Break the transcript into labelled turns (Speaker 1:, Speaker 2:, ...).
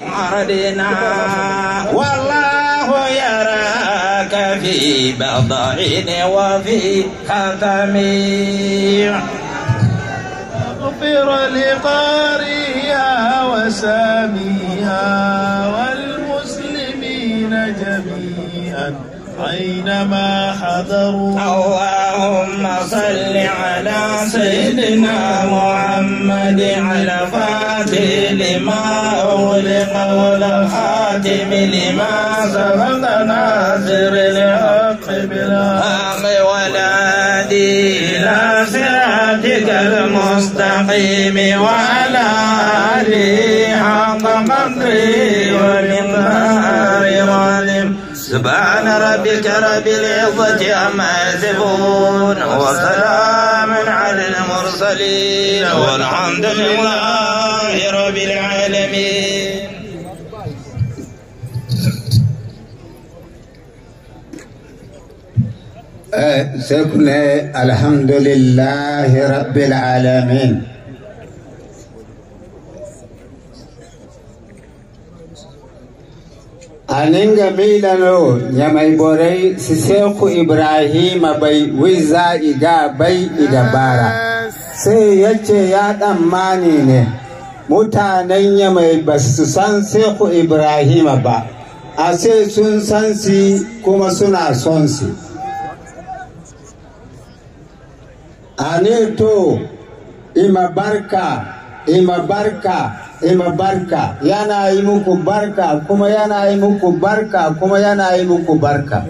Speaker 1: أرضنا والله يراك في بضعين وفي خاتم اغفر لقارئها وساميها والمسلمين جميعا أينما حضروا اللهم صل على سيدنا محمد على فاتح الفاتح لما أغلق والخاتم لما سبق ناصر الحق بالحق والهادي إلى صراطك المستقيم وعلى آله حق قدره ومن سبحان ربك رب العزة عما يصفون وسلام
Speaker 2: على المرسلين والحمد لله رب العالمين أه، سكن أه، الحمد لله رب العالمين aninga milano ya mai borai siseku ibrahima bai wiza iga bai idabara sai yace ya mani ne mutanen yamai ba su san seku ibrahima ba a sai sun san si kuma suna sonsi si ne to ima barka ima barka ima barka yana yi muku barka kuma yana yi muku barka kuma yana yi muku barka